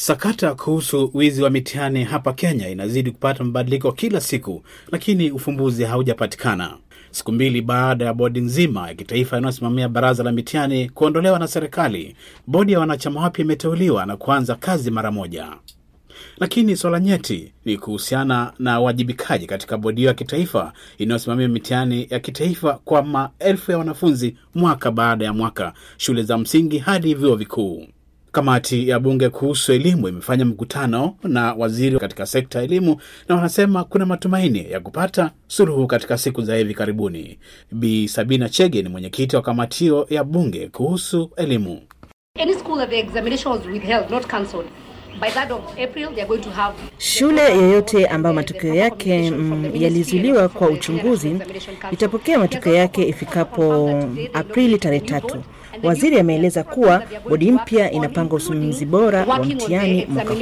Sakata kuhusu wizi wa mitihani hapa Kenya inazidi kupata mabadiliko kila siku, lakini ufumbuzi haujapatikana. Siku mbili baada ya bodi nzima ya kitaifa inayosimamia baraza la mitihani kuondolewa na serikali, bodi ya wanachama wapya imeteuliwa na kuanza kazi mara moja. Lakini swala nyeti ni kuhusiana na uwajibikaji katika bodi hiyo ya kitaifa inayosimamia mitihani ya kitaifa kwa maelfu ya wanafunzi mwaka baada ya mwaka, shule za msingi hadi vyuo vikuu. Kamati ya bunge kuhusu elimu imefanya mkutano na waziri katika sekta ya elimu na wanasema kuna matumaini ya kupata suluhu katika siku za hivi karibuni. Bi Sabina Chege ni mwenyekiti wa kamati hiyo ya bunge kuhusu elimu. Any By that of April, they are going to have... shule yoyote ambayo matokeo yake mm, yalizuliwa kwa uchunguzi itapokea matokeo yake ifikapo Aprili tarehe tatu. Waziri ameeleza kuwa bodi mpya inapanga usimamizi bora wa mtihani mwaka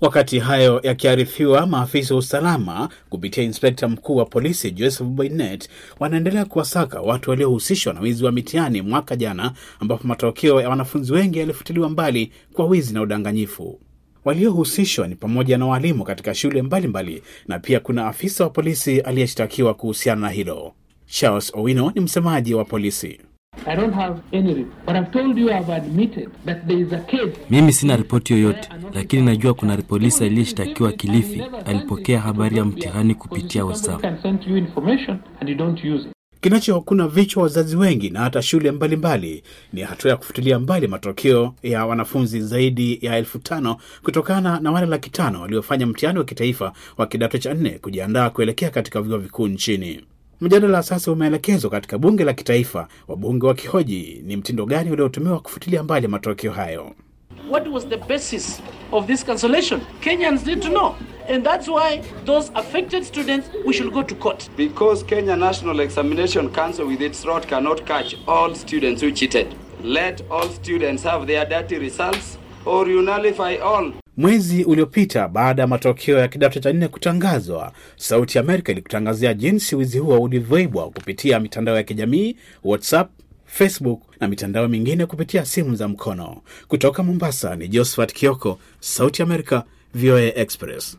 Wakati hayo yakiarifiwa, maafisa wa usalama kupitia inspekta mkuu wa polisi Joseph Boynet wanaendelea kuwasaka watu waliohusishwa na wizi wa mitihani mwaka jana, ambapo matokeo ya wanafunzi wengi yalifutiliwa mbali kwa wizi na udanganyifu. Waliohusishwa ni pamoja na walimu katika shule mbalimbali mbali, na pia kuna afisa wa polisi aliyeshtakiwa kuhusiana na hilo. Charles Owino ni msemaji wa polisi. I don't have any report. But I've told you I've admitted that there is a case. Mimi sina ripoti yoyote, lakini najua kuna polisi aliyeshtakiwa Kilifi alipokea habari ya mtihani kupitia WhatsApp. Kinachokuna vichwa wazazi wengi na hata shule mbalimbali mbali, ni hatua ya kufutilia mbali matokeo ya wanafunzi zaidi ya elfu tano kutokana na wale laki tano waliofanya mtihani wa kitaifa wa kidato cha nne kujiandaa kuelekea katika vyuo vikuu nchini. Mjadala sasa umeelekezwa katika bunge la kitaifa, wabunge kihoji ni mtindo gani uliotumiwa kufutilia mbali matokeo hayo. What was the basis of this cancellation? Kenyans need to know. And that's why those affected students, we should go to court. Because Kenya National Examination Council with its rod cannot catch all students who cheated. Let all students have their dirty results or you nullify all Mwezi uliopita baada ya matokeo ya kidato cha nne kutangazwa, Sauti Amerika ilikutangazia jinsi wizi huo ulivyoibwa kupitia mitandao ya kijamii WhatsApp, Facebook na mitandao mingine kupitia simu za mkono. Kutoka Mombasa ni Josephat Kioko, Sauti Amerika, VOA Express.